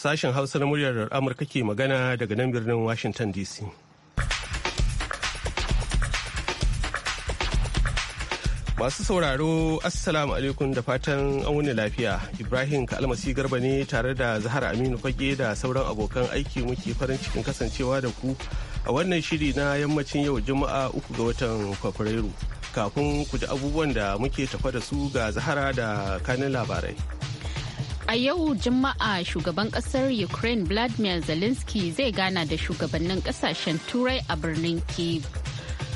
Sashen Hausa na muryar Amurka ke magana daga nan birnin Washington DC. Masu sauraro, Assalamu alaikum da fatan an wuni lafiya. Ibrahim Kalmasi Garba ne tare da Zahara Aminu Fage da sauran abokan aiki muke farin cikin kasancewa da ku a wannan shiri na yammacin yau Juma'a uku ga watan Fabrairu. Kafin ku ji abubuwan da muke tafa da su ga Zahara da kanin labarai. A yau Juma'a shugaban kasar Ukraine Vladimir Zelensky zai gana da shugabannin kasashen Turai a birnin Kyiv.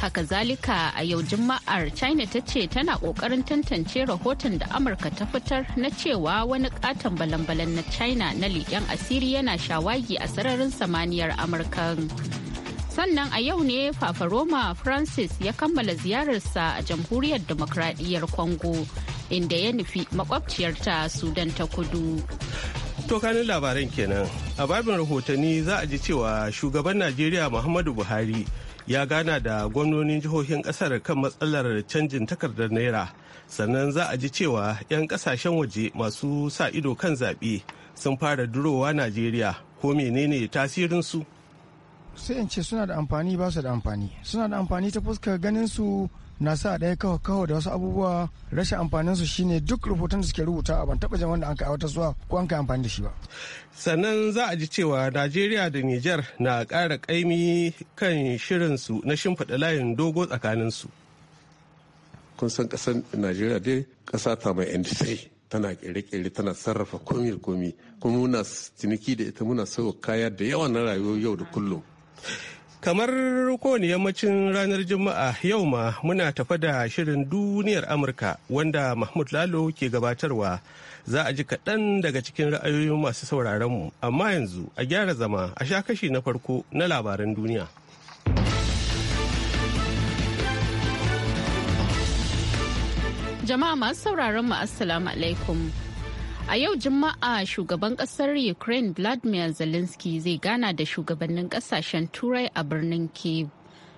Haka zalika a yau Juma'ar China ta ce tana kokarin tantance rahoton da Amurka ta fitar na cewa wani katon balan-balan na China na leƙen asiri yana shawagi a sararin samaniyar amurka sannan a yau ne fafaroma francis ya kammala ziyararsa a jamhuriyar demokradiyyar congo inda ya nufi makwabciyar Sudan ta kudu. tokanin labaran kenan a babin rahotanni za a ji cewa shugaban Najeriya Muhammadu Buhari ya gana da gwamnonin jihohin kasar kan matsalar canjin takardar naira sannan za a ji cewa 'yan kasashen waje masu sa ido kan zaɓe sun fara durowa najeriya ko menene tasirinsu sai in ce suna da amfani ba su da amfani suna da amfani ta fuskar ganin su na sa ɗaya kawai kawai da wasu abubuwa rashin amfanin su shine duk rahoton da suke rubuta ban taɓa jama'a da an ka aiwatar zuwa ko an kai amfani da shi ba. Sannan za a ji cewa Najeriya da niger na ƙara ƙaimi kan shirin su na shimfiɗa layin dogo tsakanin su. Kun san ƙasar Najeriya dai ƙasa ta mai industry tana ƙere-ƙere tana sarrafa komi da komi kuma muna ciniki da ita muna sauya kaya da yawa na rayuwar yau da kullum. kamar kowane yammacin ranar juma'a yau ma muna tafa da shirin duniyar amurka wanda mahmud lalo ke gabatarwa za a ji kaɗan daga cikin ra'ayoyin masu sauraronmu amma yanzu a gyara zama a sha kashi na farko na labaran duniya jama'a masu sauraron mu assalamu alaikum A yau Juma'a shugaban kasar Ukraine Vladimir Zelensky zai gana da shugabannin kasashen Turai a birnin Kyiv.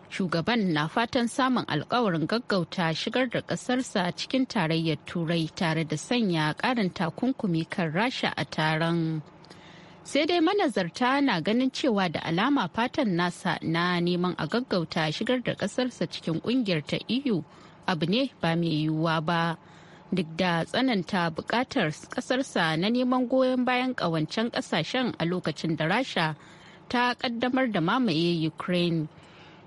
Shugaban na fatan samun alkawarin gaggauta shigar da kasarsa cikin tarayyar Turai tare da sanya karin takunkumi kan Rasha a taron. Sai dai manazarta na ganin cewa da alama fatan nasa na neman a gaggauta shigar da kasarsa cikin kungiyar ta EU abu ne ba mai yiwuwa ba. duk da tsananta bukatar kasarsa na neman goyon bayan kawancen kasashen a lokacin da rasha ta kaddamar da mamaye ukraine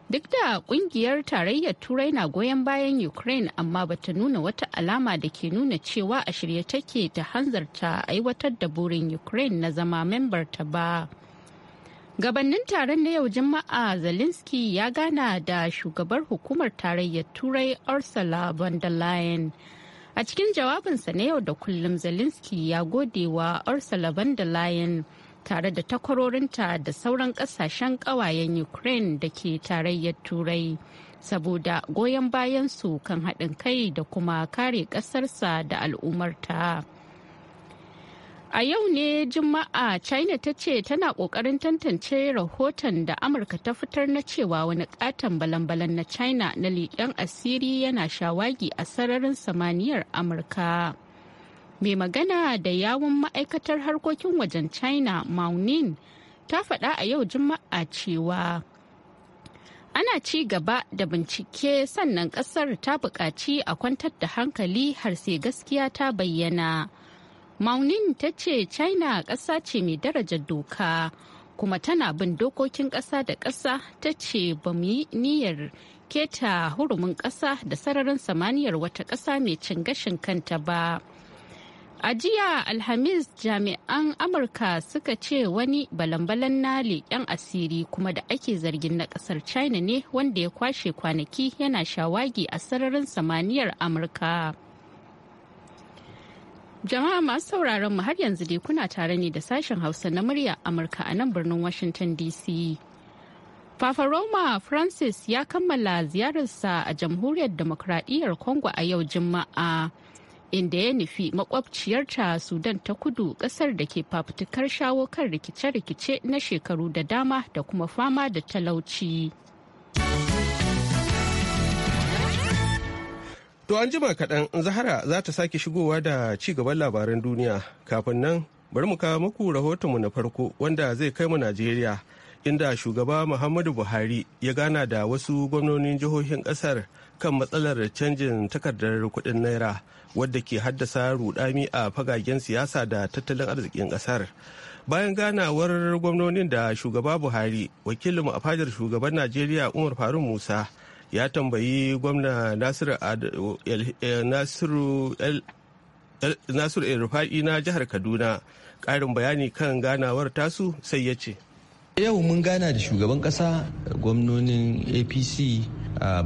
duk da kungiyar tarayyar turai na goyon bayan ukraine amma bata nuna wata alama da ke nuna cewa a shirye take ta hanzarta aiwatar da burin ukraine na zama membar ta ba gabannin taron na yau juma'a zelensky ya gana da shugabar hukumar tarayyar turai ursula von der leyen A cikin jawabinsa na yau da kullum Zelensky ya gode wa Ursula von der Leyen tare da takwarorinta da sauran kasashen kawayen Ukraine da ke tarayyar Turai. saboda goyon bayan su kan haɗin kai da kuma kare ƙasarsa da al'ummarta. A yau ne Juma'a China ta ce tana kokarin tantance rahoton da Amurka ta fitar na cewa wani katon balan-balan na China na leƙen asiri yana shawagi a sararin samaniyar Amurka. Mai magana da yawun ma'aikatar harkokin wajen China Maunin ta faɗa a yau Juma'a cewa ana ci gaba da bincike sannan ƙasar ta buƙaci a kwantar da hankali har sai gaskiya ta bayyana. maunin ta ce china ƙasa ce mai daraja doka kuma tana bin dokokin ƙasa da ƙasa ta ce ba mu yi niyyar keta hurumin ƙasa da sararin samaniyar wata ƙasa mai cin gashin kanta ba a jiya alhamis jami'an amurka suka ce wani balan-balan na leƙen asiri kuma da ake zargin na ƙasar china ne wanda ya kwashe kwanaki yana shawagi a sararin samaniyar amurka Jama'a masu sauraron mu har yanzu dai kuna tare ne da sashen Hausa na murya Amurka a nan birnin Washington DC. Papa Roma Francis ya kammala ziyararsa a Jamhuriyar Demokradiyyar Congo a yau Juma'a. Inda ya nufi makwabciyarta Sudan ta kudu kasar da ke fafutukar shawo kan rikice-rikice na shekaru da dama da kuma fama da talauci. To an jima kaɗan Zahara za ta sake shigowa da ci gaban labaran duniya kafin nan bari mu kawo muku rahotonmu na farko wanda zai kai mu Najeriya inda shugaba Muhammadu Buhari ya gana da wasu gwamnonin jihohin ƙasar kan matsalar canjin takardar kuɗin naira wadda ke haddasa rudami a fagagen siyasa da tattalin arzikin ƙasar. Bayan ganawar gwamnonin da shugaba Buhari, wakilinmu a fadar shugaban Najeriya Umar Faruk Musa ya tambayi gwamna nasiru el-rufa'i na jihar kaduna Karin bayani kan ganawar tasu sai ya ce yau mun gana da shugaban ƙasa gwamnonin apc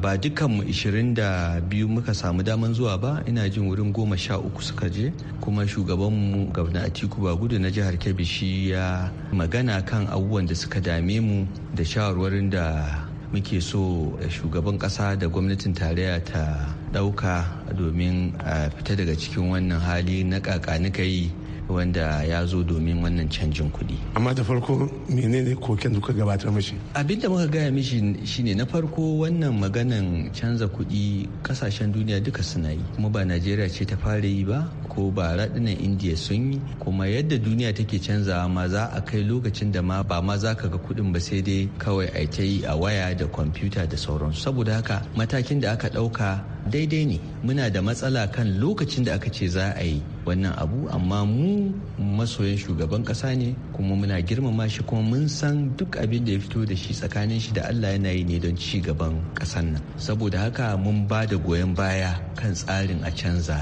ba dukanmu 22 muka samu daman zuwa ba ina jin wurin goma sha uku suka je kuma shugabanmu gabna atiku gudu na jihar kebbi shi ya magana kan abubuwan da suka dame mu da shawarwarin da muke so eh, shugaban ƙasa da gwamnatin tarayya ta ɗauka domin a eh, fita daga cikin wannan hali na kakanikai wanda ya zo domin wannan canjin kuɗi. amma da farko menene koken da kuka gabatar mashi. abin da muka gaya mishi shine na farko wannan maganan canza kuɗi kasashen duniya duka suna yi kuma ba najeriya ce ta fara yi ba ko ba raɗinan indiya sun yi kuma yadda duniya take canzawa ma za a kai lokacin da ma ba ma za ka ga kuɗin ba sai dai kawai a ta yi a waya da kwamfuta da sauransu saboda haka matakin da aka ɗauka daidai ne muna da matsala kan lokacin da aka ce za a yi wannan abu amma mu masoyan shugaban kasa ne kuma muna girmama shi kuma mun san duk abin da ya fito da shi tsakanin shi da Allah yana yi ne don ci gaban kasan nan saboda haka mun ba da goyon baya kan tsarin a canza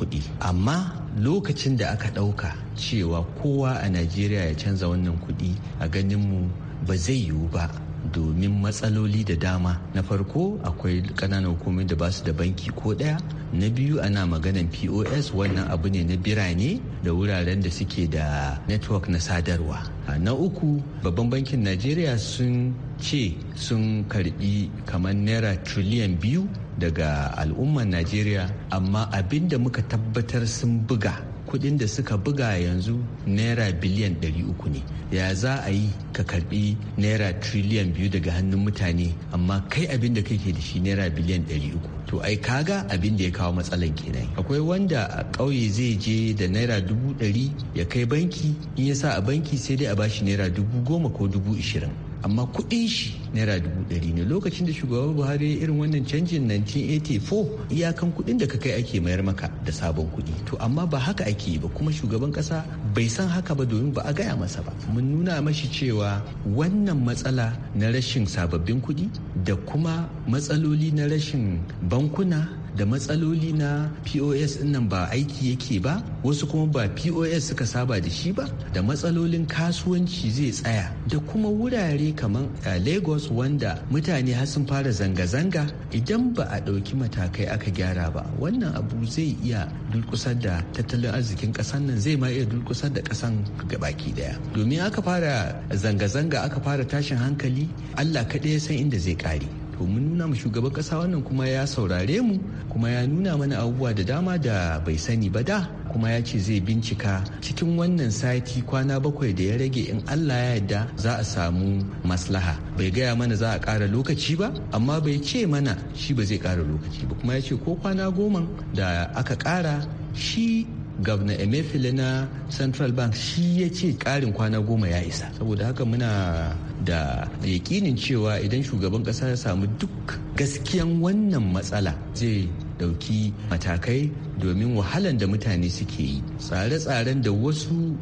kuɗi amma lokacin da aka ɗauka cewa kowa a najeriya ya canza wannan kuɗi a ganin mu ba zai yiwu ba domin matsaloli da dama na farko akwai kananan hukumomi da basu da banki ko daya na biyu ana maganan pos wannan abu ne na birane da wuraren da suke da network na sadarwa na uku babban bankin najeriya sun ce sun karbi kamar naira triliyan biyu daga al'umman najeriya amma abin da muka tabbatar sun buga kuɗin da suka buga yanzu naira biliyan 300 ne ya za a yi ka karbi naira triliyan biyu daga hannun mutane amma kai abin da kake da shi naira biliyan 300 to ai kaga abin da ya kawo matsalan kenan akwai wanda a ƙauye zai je da naira dubu ɗari ya kai banki in ya sa a banki sai dai a bashi naira dubu goma ko dubu ishirin amma kuɗin shi naira dubu ɗari ne lokacin da shugaban buhari ya irin wannan canjin 1984 iyakan kuɗin da ka kai ake mayar maka da sabon kuɗi to amma ba haka ake ba kuma shugaban ƙasa bai san haka ba domin ba a gaya masa ba mun nuna mashi cewa wannan matsala na rashin sababbin kuɗi da kuma matsaloli na rashin bankuna da matsaloli na pos nan ba aiki yake ba wasu kuma ba pos suka saba da shi ba da matsalolin kasuwanci zai tsaya da kuma wurare kamar eh, lagos Lagos wanda mutane har sun fara zanga-zanga idan ba a ɗauki matakai aka gyara ba wannan abu zai iya dulkusar da tattalin arzikin ƙasar nan zai ma iya dulkusar da ƙasan gabaki ɗaya domin aka fara zanga-zanga aka fara tashin hankali allah kaɗai ya san inda zai ƙare to mun nuna mu shugaban ƙasa wannan kuma ya saurare mu kuma ya nuna mana abubuwa da dama da bai sani ba da kuma ya ce zai bincika cikin wannan sati kwana bakwai da ya rage in allah ya yarda za a samu maslaha bai gaya mana za a ƙara lokaci ba amma bai ce mana shi ba zai ƙara lokaci ba kuma ya ce ko kwana goma da aka ƙara shi gabna emefile na central bank shi ya ce karin kwana goma ya isa saboda haka muna da yakinin cewa idan shugaban kasa ya samu duk gaskiyan wannan matsala zai dauki matakai domin wahalan da mutane suke yi tsare-tsaren da wasu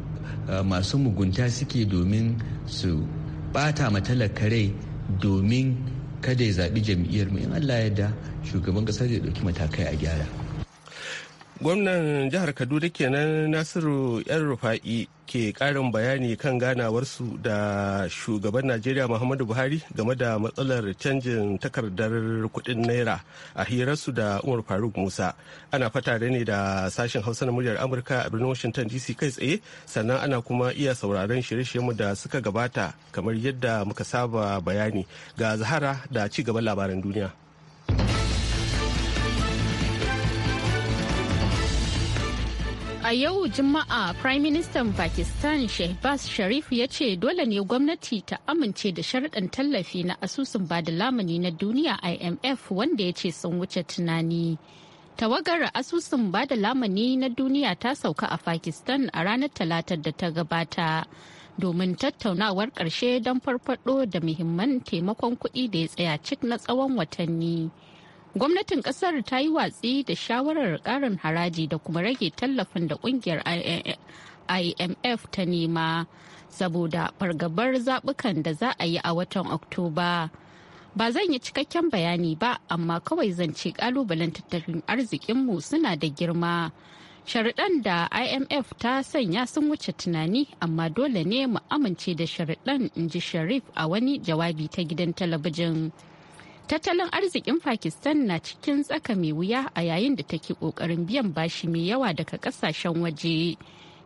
eh, masu mugunta suke domin su bata matalaka rai domin kada ya zaɓi jam'iyyar mu in allah yadda shugaban ƙasar zai ɗauki matakai a gyara gwamnan jihar kaduna kenan nasiru yan rufa'i ke karin bayani kan ganawarsu da shugaban najeriya muhammadu buhari game da matsalar canjin takardar kudin naira a hirarsu da umar faruk musa ana fata da ne da sashen hausa na muryar amurka a birnin washington dc kai tsaye sannan ana kuma iya sauraron shirye-shiryenmu da suka gabata kamar yadda muka saba bayani ga zahara da ci gaban labaran duniya. A yau Juma'a Prime Minister Pakistan Shehbaz Sharif ya ce dole ne gwamnati ta amince da sharaɗin tallafi na asusun bada lamuni na duniya IMF wanda ya ce sun wuce tunani. Tawagar asusun bada lamuni na duniya ta sauka a Pakistan a ranar talata da ta gabata domin tattaunawar ƙarshe don farfaɗo da muhimman taimakon kuɗi da ya tsaya cik na tsawon watanni. gwamnatin kasar ta yi watsi da shawarar karin haraji da kuma rage tallafin da kungiyar imf ta nema saboda fargabar zabukan da za a yi a watan oktoba ba zan yi cikakken bayani ba amma kawai zan ce kalubalen tattalin arzikinmu suna da girma sharaɗan da imf ta sanya sun wuce tunani amma dole ne mu amince da sharaɗan in ji sharif a wani jawabi ta gidan talabijin Tattalin arzikin Pakistan na cikin tsaka mai wuya a yayin da take kokarin biyan bashi mai yawa daga kasashen waje,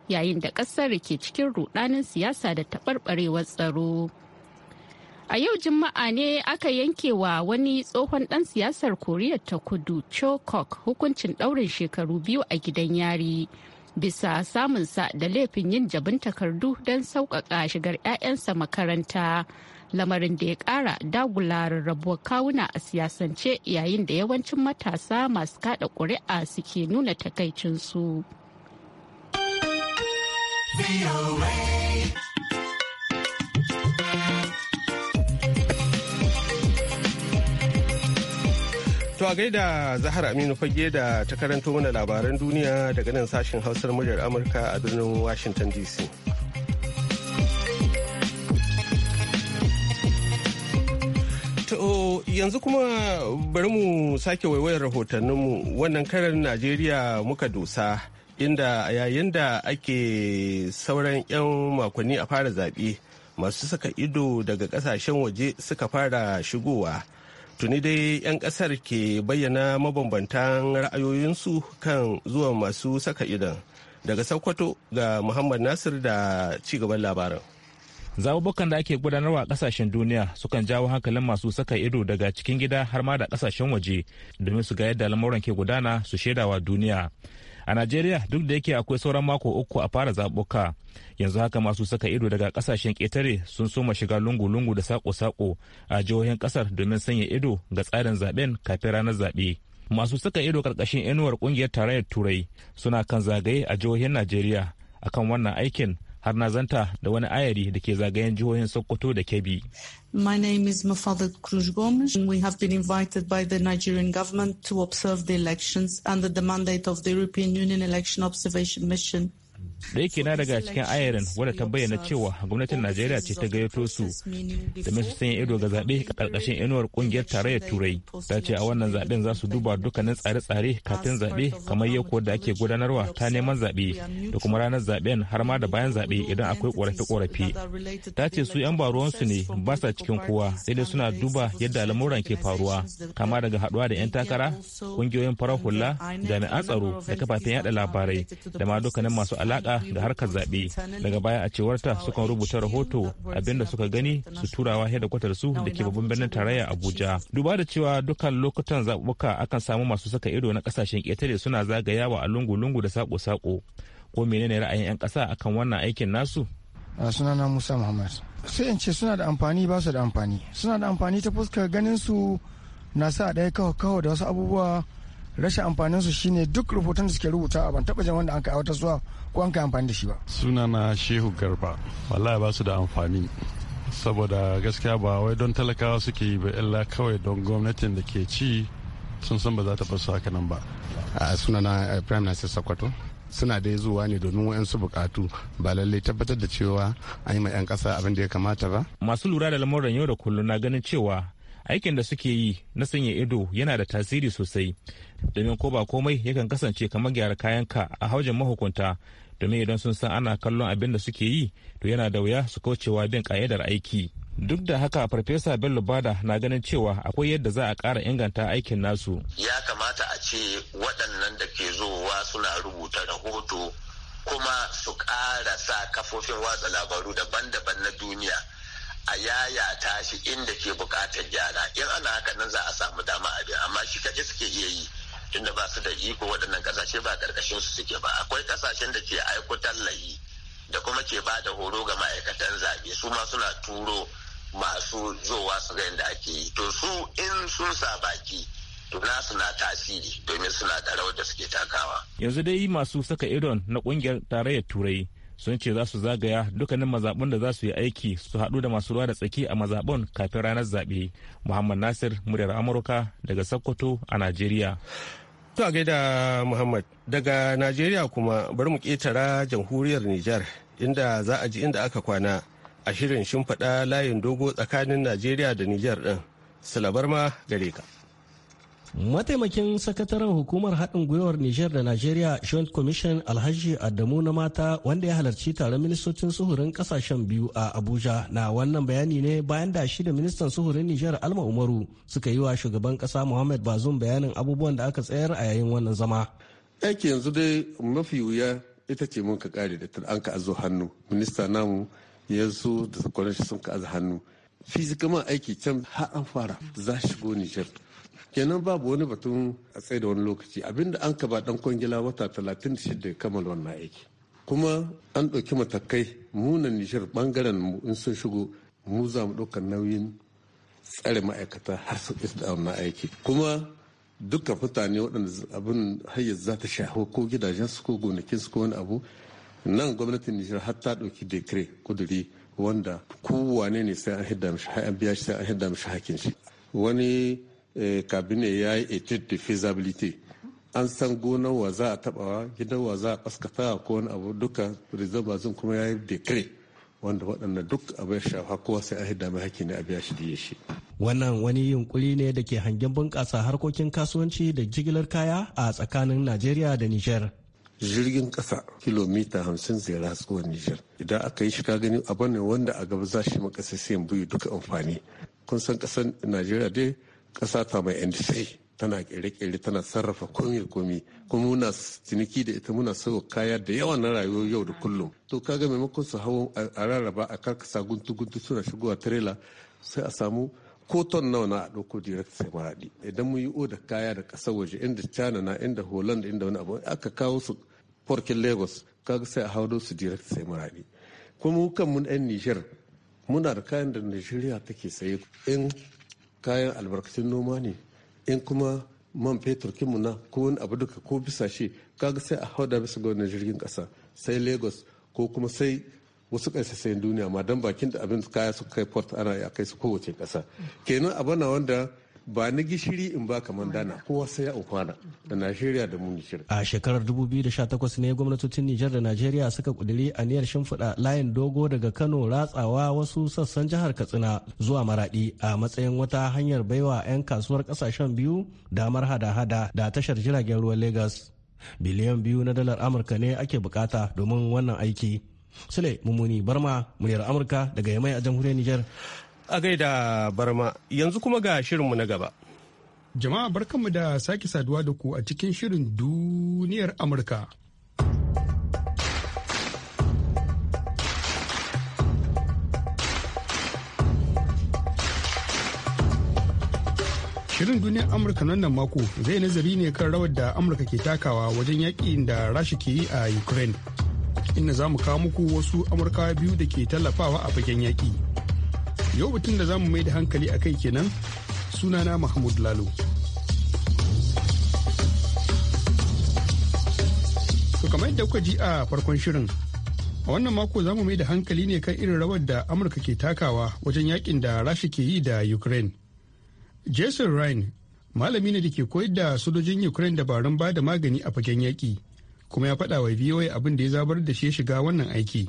yayin da kasar ke cikin rudanin siyasa da taɓarɓarewar tsaro. A yau Juma'a ne aka yanke wa wani tsohon ɗan siyasar Koriya ta kudu Cho hukuncin ɗaurin shekaru biyu a gidan yari. Bisa samunsa da laifin yin jabin takardu don sauƙaƙa shigar 'ya'yansa makaranta lamarin da ya kara dagula rabuwar kawuna a siyasance yayin da yawancin matasa masu kada ƙuri'a suke nuna takaicinsu. To a gaida Zahar Aminu fage da ta karanto mana labaran duniya daga nan sashen hausar muryar Amurka a birnin Washington DC. yanzu kuma bari mu sake waiwayar rahotanninmu wannan karin najeriya muka dosa inda a yayin da ake sauran 'yan makonni a fara zaɓe masu saka ido daga ƙasashen waje suka fara shigowa tuni dai 'yan ƙasar ke bayyana mabambantan ra'ayoyinsu kan zuwa masu saka idon daga sokoto ga muhammad nasir da cigaban labarin zaɓuɓɓukan da ake gudanarwa a ƙasashen duniya sukan jawo hankalin masu saka ido daga cikin gida har ma da ƙasashen waje domin su ga yadda lamuran ke gudana su shaidawa duniya a najeriya duk da yake akwai sauran mako uku a fara zaɓuka yanzu haka masu saka ido daga ƙasashen ƙetare sun soma shiga lungu-lungu da saƙo-saƙo a jihohin ƙasar domin sanya ido ga tsarin zaɓen kafin ranar zaɓe masu saka ido ƙarƙashin inuwar ƙungiyar tarayyar turai suna kan zagaye a jihohin najeriya akan wannan aikin har da wani ayari da ke zagayen jihohin Sokoto da Kebbi. My name is Mafalda Cruz Gomes and we have been invited by the Nigerian government to observe the elections under the mandate of the European Union Election Observation Mission. da ɗaya na daga cikin ayarin wadda ta bayyana cewa gwamnatin najeriya ce ta gayyato su da su sanya ido ga zaɓe ƙarƙashin inuwar ƙungiyar tarayyar turai ta ce a wannan zaɓen za su duba dukkanin tsare-tsare kafin zaɓe kamar yau da ake gudanarwa ta neman zaɓe da kuma ranar zaɓen har ma da bayan zaɓe idan akwai ƙorafe-ƙorafe ta ce su 'yan baruwansu ne ba sa cikin kowa sai dai suna duba yadda lamuran ke faruwa kama daga haɗuwa da 'yan takara ƙungiyoyin farar hula jami'an tsaro da kafafen yaɗa labarai da ma dukkanin masu alaƙa alaka da harkar zaɓe daga baya a cewarta sukan rubuta rahoto abinda suka gani su turawa hedakwatar su da ke babban birnin tarayya abuja duba da cewa dukkan lokutan zaɓuɓɓuka akan samu masu saka ido na ƙasashen ƙetare suna zagayawa a lungu-lungu da sako-sako ko menene ra'ayin 'yan ƙasa akan wannan aikin nasu sunana musa muhammad sai in ce suna da amfani ba su da amfani suna da amfani ta fuskar ganin su na sa ɗaya kawo kawo da wasu abubuwa rashin amfanin su shine duk rubutun da suke rubuta ban taba jan wanda an kai a wata zuwa ko an kai amfani da shi ba sunana shehu garba wallahi ba su da amfani saboda gaskiya ba wai don talakawa suke yi ba illa kawai don gwamnatin da ke ci sun san ba za ta fasa haka nan ba a sunana eh, prime minister sokoto suna dai zuwa ne domin wayansu bukatu ba lallai tabbatar da cewa an yi ma 'yan kasa abin da ya kamata ba masu lura da lamuran yau da kullum na ganin cewa aikin da suke yi na sanya ido yana da tasiri sosai domin ko ba komai yakan kasance kamar gyara kayanka a haujin mahukunta domin idan sun san ana kallon abin da suke yi to yana da wuya su kaucewa bin ka'idar aiki duk da haka farfesa bello bada na ganin cewa akwai yadda za a ƙara inganta aikin nasu ya kamata a ce waɗannan da ke zowa suna rubuta rahoto kuma su ƙara sa kafofin watsa labaru daban-daban na duniya a yayata shi inda ke buƙatar gyara in ana haka nan za a samu dama abin amma shi kaje suke iya yi inda ba su da iko waɗannan ƙasashe ba ƙarƙashin su suke ba akwai ƙasashen da ke aiko tallayi da kuma ke ba da horo ga ma'aikatan zaɓe su ma suna turo masu zowa su ga yadda ake yi to su in sun sa baki to na suna tasiri domin suna da rawar da suke takawa yanzu dai masu saka idon na ƙungiyar tarayyar turai sun ce za su zagaya dukkanin mazaɓun da za su yi aiki su haɗu da masu ruwa da tsaki a mazaɓun kafin ranar zaɓe muhammad nasir muryar amurka daga sokoto a najeriya To a gaida Muhammad daga Najeriya kuma bari mu ƙetara jamhuriyar Nijar inda za a ji inda aka kwana a shirin shimfiɗa layin dogo tsakanin Najeriya da Nijar ɗin. Salabar ma gare ka. Mataimakin sakataren hukumar haɗin gwiwar Nijar da Najeriya Joint Commission Alhaji Adamu na mata wanda ya halarci taron ministocin suhurin kasashen biyu a Abuja na wannan bayani ne bayan da shi da ministan suhurin Nijar Alma Umaru suka yi wa shugaban kasa Muhammad Bazoum bayanin abubuwan da aka tsayar a yayin wannan zama. Aiki yanzu dai mafi wuya ita ce mun ka kare da an ka azo hannu. Minista namu yanzu da sakwarar sun ka azo hannu. Fizikaman aiki can har an fara za shigo Nijar. kenan babu wani batun a tsaye da wani lokaci abinda an ka ba dan kwangila wata 36 ya kammala wannan aiki kuma an ɗauki matakai munan nishar bangaren mu in sun shigo mu za mu ɗaukar nauyin tsare ma'aikata har su da wannan aiki kuma duka mutane waɗanda abin hayyar za ta shaho ko gidajen su ko su ko wani abu nan gwamnatin nijar har ta ɗauki dekire kuduri wanda kowane ne sai an hidda mishi an biya shi sai an hakin shi wani kabine eh, ya yi etude de feasibility an san gonar wa za a tabawa gidan wa za a kaskata ko wani abu duka rizabazin kuma ya yi decree wanda waɗannan duk abin shafa kowa sai a hidda mai haƙƙi ne a biya shi ya shi. Wannan wani yunkuri ne da ke hangen bunƙasa harkokin kasuwanci da jigilar kaya a tsakanin Najeriya da Nijar. Jirgin ƙasa kilomita hamsin zai ratsuwa Nijar. Idan aka yi shi ka gani abin ne wanda a gaba za shi makasasiyan buyi duka amfani. Kun san ƙasar Najeriya dai ƙasa ta mai sai tana kere kere tana sarrafa komi da komi kuma muna ciniki da ita muna sayo kaya da yawa na rayuwar yau da kullum to kaga maimakon su hawan a rarraba a karkasa guntu-guntu suna shigowa trela sai a samu koton nawa na a ɗauko direct sai maraɗi idan mun yi oda kaya da ƙasar waje inda china na inda holland inda wani abu aka kawo su porkin lagos kaga sai a hau su direct sai maraɗi kuma kan mun 'yan nijar muna da kayan da nigeria take saye in kayan albarkacin noma ne in kuma man fetur kinmu na ko wani abu duka ko bisa shi kaga sai a hau da bisa ga wannan jirgin kasa sai lagos ko kuma sai wasu kaisasayin duniya ma don bakin da abin kaya su kai port ana ya kai su kowace kasa kenan abana wanda ba na gishiri in ba kaman dana ko sai ya kwana da Najeriya da mu A shekarar 2018 ne gwamnatocin Nijar da Najeriya suka kuduri aniyar shimfiɗa layin dogo daga Kano ratsawa wasu sassan jihar Katsina zuwa Maradi a matsayin wata hanyar baiwa 'yan kasuwar kasashen biyu damar hada-hada da tashar jiragen ruwan Lagos. Biliyan biyu na dalar Amurka ne ake bukata domin wannan aiki. Sule Mummuni Barma, muryar Amurka daga Yamai a jamhuriyar Nijar. A gaida barma yanzu kuma ga shirinmu na gaba. Jama'a barkanmu da sake saduwa da ku a cikin shirin duniyar Amurka. Shirin duniyar Amurka nan mako zai nazari ne kan rawar da Amurka ke takawa wajen yaƙi da Rasha ke yi a Ukraine. Inda za mu kawo muku wasu Amurkawa biyu da ke tallafawa a fagen yaƙi. Yau batun da zamu mai da hankali a kai kenan sunana Mahmud Lalo. To kamar yadda kuka ji a farkon shirin, a wannan mako zamu mai da hankali ne kan irin rawar da Amurka ke takawa wajen yakin da Rasha ke yi da Ukraine. Jason Ryan malami ne da ke koyar da sojojin Ukraine dabarun ba da magani a fagen yaki kuma ya faɗa wa VOA abin da ya zabar da shi ya shiga wannan aiki.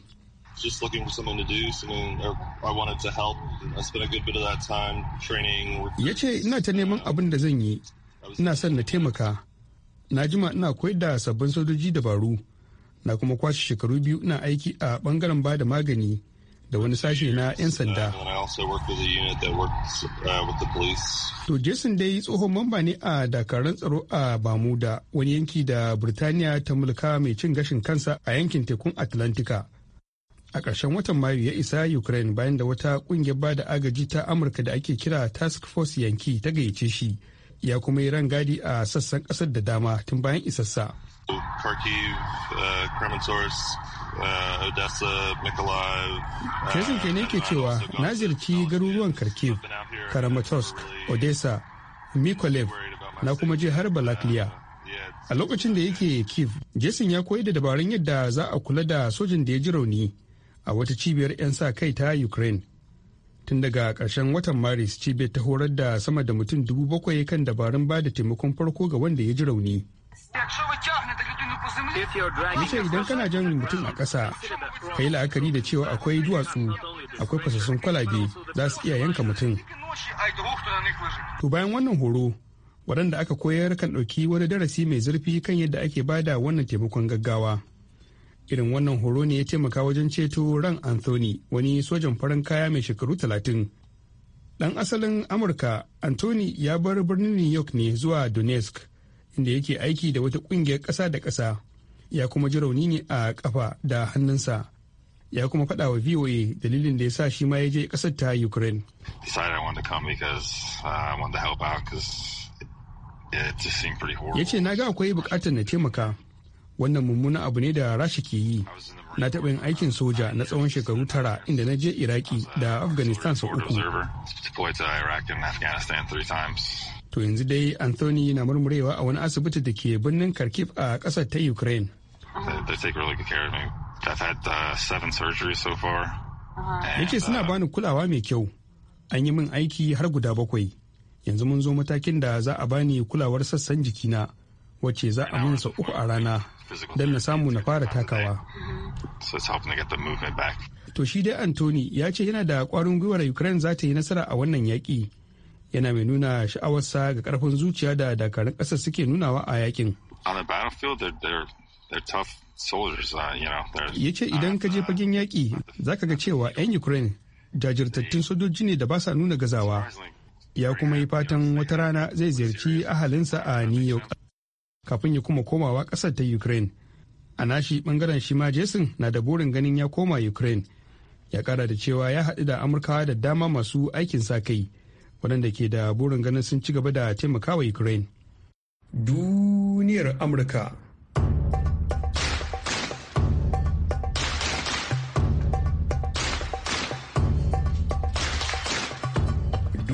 just looking for something to do, something I wanted to help. I spent a good bit of that time training. Ya ce ina ta neman abin da zan yi, ina son na taimaka. Na jima ina koyar da sabbin sojoji dabaru, na kuma kwashe shekaru biyu ina aiki a bangaren ba da magani da wani sashe na 'yan sanda. Uh, to Jason dai tsohon mamba ne a dakarun tsaro a Bamuda, wani yanki da Birtaniya ta mulka mai cin gashin kansa a yankin tekun Atlantika. a ƙarshen watan mayu ya isa ukraine bayan da wata ƙungiyar ba da agaji ta amurka da ake kira task force yanki ta gayyace shi ya kuma yi rangadi a sassan ƙasar da dama tun bayan isassa ke ne ke cewa na ziyarci garuruwan Kharkiv, Karamatorsk, Odessa, Mykolaiv na kuma je har Balaklia. Uh, a lokacin da yake Kiev, Jason ya koyi da dabarun yadda za a kula da sojin da ya ji rauni a wata cibiyar 'yan sa kai ta ukraine tun daga ƙarshen watan maris cibiyar ta horar da sama da mutum dubu bakwai kan dabarun ba da taimakon farko ga wanda ya ji rauni Yace idan kana jan mutum a ƙasa ka yi la'akari da cewa akwai duwatsu akwai fasassun kwalabe za su iya yanka mutum to bayan wannan horo waɗanda aka koyar kan ɗauki wani darasi mai zurfi kan yadda ake bada wannan taimakon gaggawa irin wannan horo ne ya taimaka wajen ceto ran anthony wani sojan farin kaya mai shekaru talatin dan asalin amurka anthony ya bar birnin new york ne zuwa donetsk inda yake aiki da wata kungiyar ƙasa da ƙasa ya kuma ji rauni ne a kafa da hannunsa ya kuma faɗa wa voa dalilin da ya sa shi ma ya je ƙasar ta ukraine uh, ya ce na ga akwai bukatar na taimaka wannan mummunan abu ne da rasha ke yi na taɓa yin aikin soja na tsawon shekaru tara inda na je iraki da afghanistan sau uku to yanzu dai anthony na murmurewa a wani asibiti da ke birnin kharkiv a ƙasar ta ukraine yake suna bani kulawa mai kyau an yi min aiki har guda bakwai yanzu mun zo matakin da za a bani kulawar sassan jikina wacce za a mun sau uku a rana don na samu na fara takawa. To shi dai Anthony ya ce yana da kwarin gwiwar Ukraine za ta yi nasara a wannan yaƙi. Yana mai nuna sha'awarsa ga karfin zuciya da dakarun ƙasar suke nunawa a yaƙin. Uh, ya ce idan ka je uh, fagen yaƙi za ka ga cewa 'yan Ukraine jajirtattun sojoji ne da ba sa nuna gazawa. Ya kuma yi fatan wata rana zai ziyarci ahalinsa a New York kafin ya kuma komawa ƙasar ta ukraine a nashi bangaren shi ma jason na da burin ganin ya koma ukraine ya ƙara da cewa ya haɗu da amurkawa da dama masu aikin sa kai waɗanda ke da burin ganin sun ci gaba da taimakawa ukraine duniyar amurka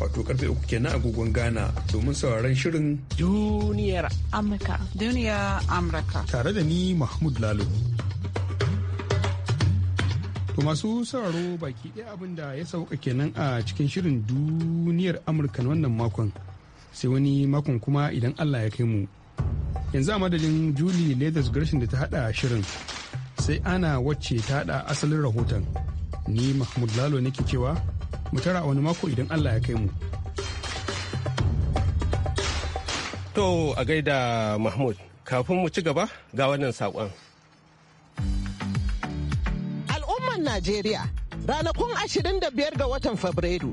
wato karfe uku kenan agogon gana domin sauraron shirin duniyar Amurka. Duniyar Amurka. Tare da ni Mahmud Lalo. To masu sauraro baki ɗaya abin da ya sauka kenan a cikin shirin duniyar Amurka na wannan makon. Sai wani makon kuma idan Allah ya kai mu. Yanzu a madadin Julie Leathers Gershon da ta hada shirin. Sai ana wacce ta hada asalin rahoton. Ni Mahmud Lalo nake cewa mu tara wani mako idan Allah ya kai mu. To a gaida Mahmud kafin mu ci gaba ga wannan saƙon. Al'ummar Najeriya ranakun 25 ga watan Fabrairu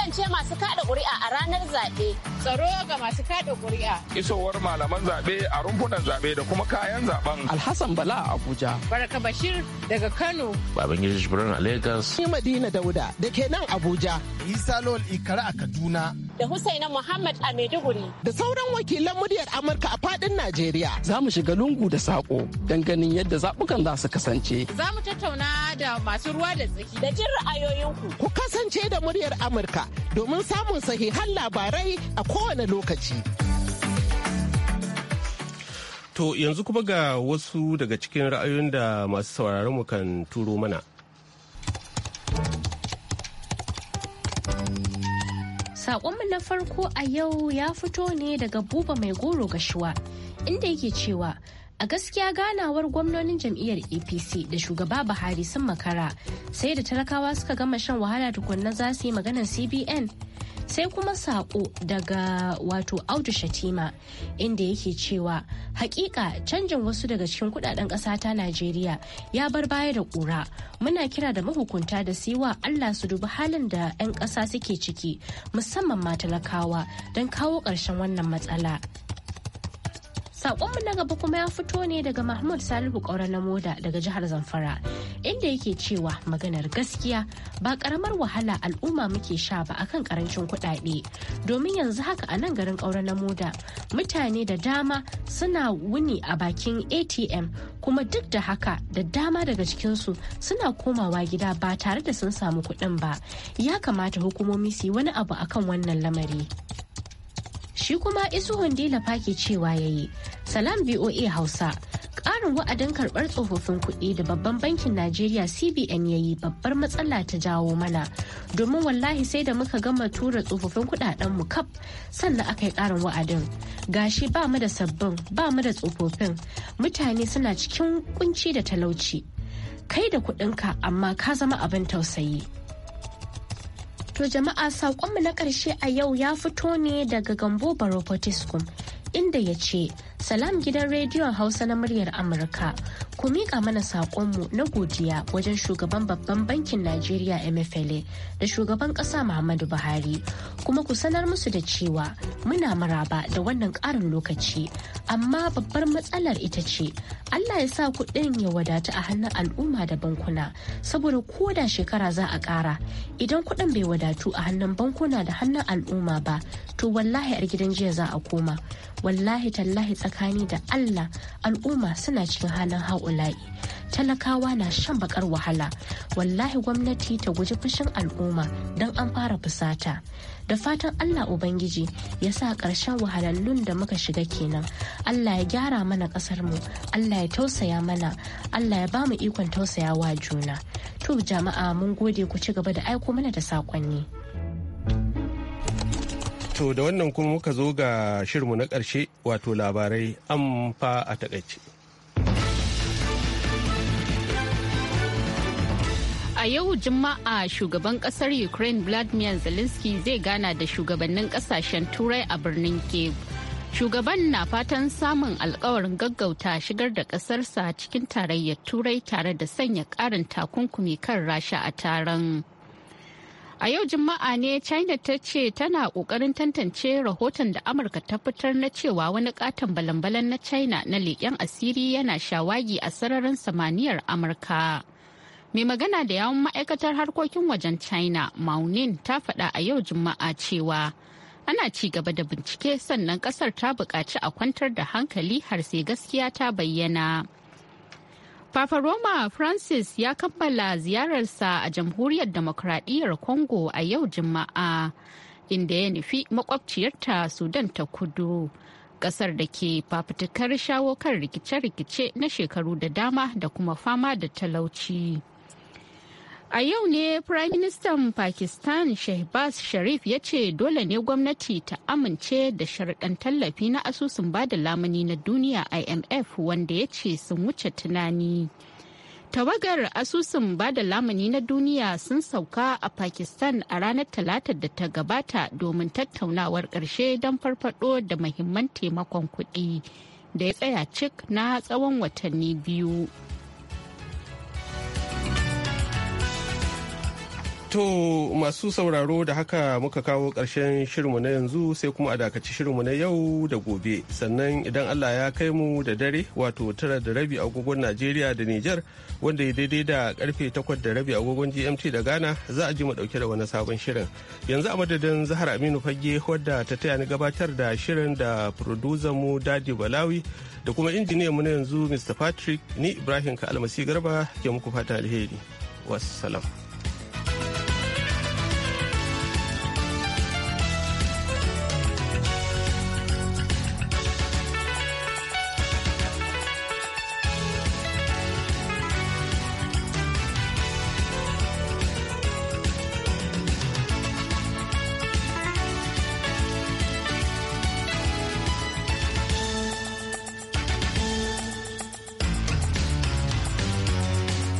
Tantance masu kada kuri'a a ranar zaɓe. Tsaro ga masu kada kuri'a Isowar malaman zaɓe a rumfunan zaɓe da kuma kayan zaɓen. Alhassan Bala a Abuja. Baraka Bashir daga Kano. Babangida Jibrin a Lagos. Ni Madina Dauda da ke nan Abuja. Isa Lol Ikara a Kaduna. Da Husaina Muhammad a Maiduguri. Da sauran wakilan muryar Amurka a faɗin Najeriya. Za mu shiga lungu da saƙo don ganin yadda zaɓukan za su kasance. Za mu tattauna da masu ruwa da tsaki. Da jin ra'ayoyinku. Ku kasance da muryar Amurka domin samun sahihan labarai a kowane lokaci. To yanzu kuma ga wasu daga cikin ra'ayoyin da masu sauraron mu kan turo mana. Saƙonmu na farko a yau ya fito ne daga buba mai goro gashuwa inda yake cewa a gaskiya ganawar gwamnonin jam'iyyar apc da shugaba buhari sun makara sai da talakawa suka gama shan wahala tukunna za su yi maganar cbn sai kuma sako daga wato audu shatima inda yake cewa hakika canjin wasu daga cikin kudaden kasa ta najeriya ya bar baya da kura muna kira da mahukunta da siwa allah su dubi halin da 'yan kasa suke ciki musamman ma talakawa don kawo ƙarshen wannan matsala Sakonmu na gaba kuma ya fito ne daga Mahmud Salihu Kaura na Moda daga jihar Zamfara inda yake cewa maganar gaskiya ba karamar wahala al'umma muke sha ba akan karancin kuɗaɗe domin yanzu haka a nan garin Kaura na Moda mutane da dama suna wuni a bakin ATM kuma duk da haka da dama daga cikinsu suna komawa gida ba tare da sun samu kuɗin ba ya kamata hukumomi su yi wani abu akan wannan lamari. shi kuma isu hundila faki cewa ya yi salam voa hausa ƙarin wa'adin karɓar tsofaffin kuɗi da babban bankin najeriya cbn ya yi babbar matsala ta jawo mana domin wallahi sai da muka gama tura tsofaffin kuɗaɗen mu kaf sannan aka yi ƙarin wa'adin gashi ba mu da sabbin ba mu da tsofaffin mutane suna cikin kunci da talauci kai da kuɗinka amma ka zama abin tausayi To jama'a saƙonmu na ƙarshe a yau ya fito ne daga Gambo Baro inda ya ce, Salam gidan rediyon Hausa na muryar Amurka. ku miƙa mana saƙonmu na godiya wajen shugaban babban bankin Najeriya Emefele da shugaban ƙasa Muhammadu Buhari kuma ku sanar musu da cewa muna maraba da wannan ƙarin lokaci amma babbar matsalar ita ce Allah ya sa kuɗin ya wadata a hannun al'umma da bankuna saboda ko da shekara za a ƙara idan kuɗin bai wadatu a hannun bankuna da hannun al'umma ba to wallahi a gidan jiya za a koma wallahi tallahi tsakani da Allah al'umma suna cikin halin haƙuri ha'ula'i talakawa na shan bakar wahala wallahi gwamnati ta guji fushin al'umma don an fara fusata da fatan allah ubangiji ya sa ƙarshen wahalallun da muka shiga kenan allah ya gyara mana ƙasar mu allah ya tausaya mana allah ya ba mu ikon tausaya wa juna to jama'a mun gode ku ci gaba da aiko mana da sakonni. to da wannan kuma muka zo ga shirmu na ƙarshe wato labarai amfa a takaice. a yau Juma'a shugaban kasar Ukraine Vladimir Zelensky zai gana da shugabannin kasashen Turai a birnin kiev Shugaban na fatan samun alkawarin gaggauta shigar da kasarsa cikin tarayyar Turai tare da sanya karin takunkumi kan rasha a taron. A yau Juma'a ne China ta ce tana ƙoƙarin tantance rahoton da Amurka ta fitar na cewa wani katon balan-balan na China na leƙen asiri yana shawagi a sararin samaniyar Amurka. mai magana da yawon ma'aikatar harkokin wajen china maunin ta faɗa a yau juma'a cewa ana ci gaba da bincike sannan kasar ta buƙaci a kwantar da hankali har sai gaskiya ta bayyana. Papa Roma Francis ya kammala ziyararsa a jamhuriyar demokradiyyar Congo a yau Juma'a, inda ya nufi makwabciyarta Sudan ta kudu. Kasar da ke fafutukar shawo kan rikice-rikice na shekaru da dama da kuma fama da talauci. A yau ne Firaministan Pakistan Shehbaz Sharif ya ce dole ne gwamnati ta amince da sharaɗan tallafi na asusun bada lamuni na duniya IMF wanda ya ce sun wuce tunani. Tawagar asusun bada lamuni na duniya sun sauka a Pakistan a ranar talata da ta gabata domin tattaunawar ƙarshe don farfado da mahimman taimakon kuɗi da ya tsaya cik na tsawon watanni biyu. To masu sauraro da haka muka kawo ƙarshen shirinmu na yanzu sai kuma a dakaci shirinmu na yau da gobe. Sannan idan Allah ya kai mu da dare wato tara da rabi agogon Najeriya da Nijar wanda ya daidai da karfe takwas da rabi agogon GMT da Ghana za a ji mu dauke da wani sabon shirin. Yanzu a madadin Zahar Aminu Fage wadda ta taya ni gabatar da shirin da producer mu Dadi Balawi da kuma injiniyan mu na yanzu Mr. Patrick ni Ibrahim Ka Almasi Garba ke muku fata alheri. Wassalam.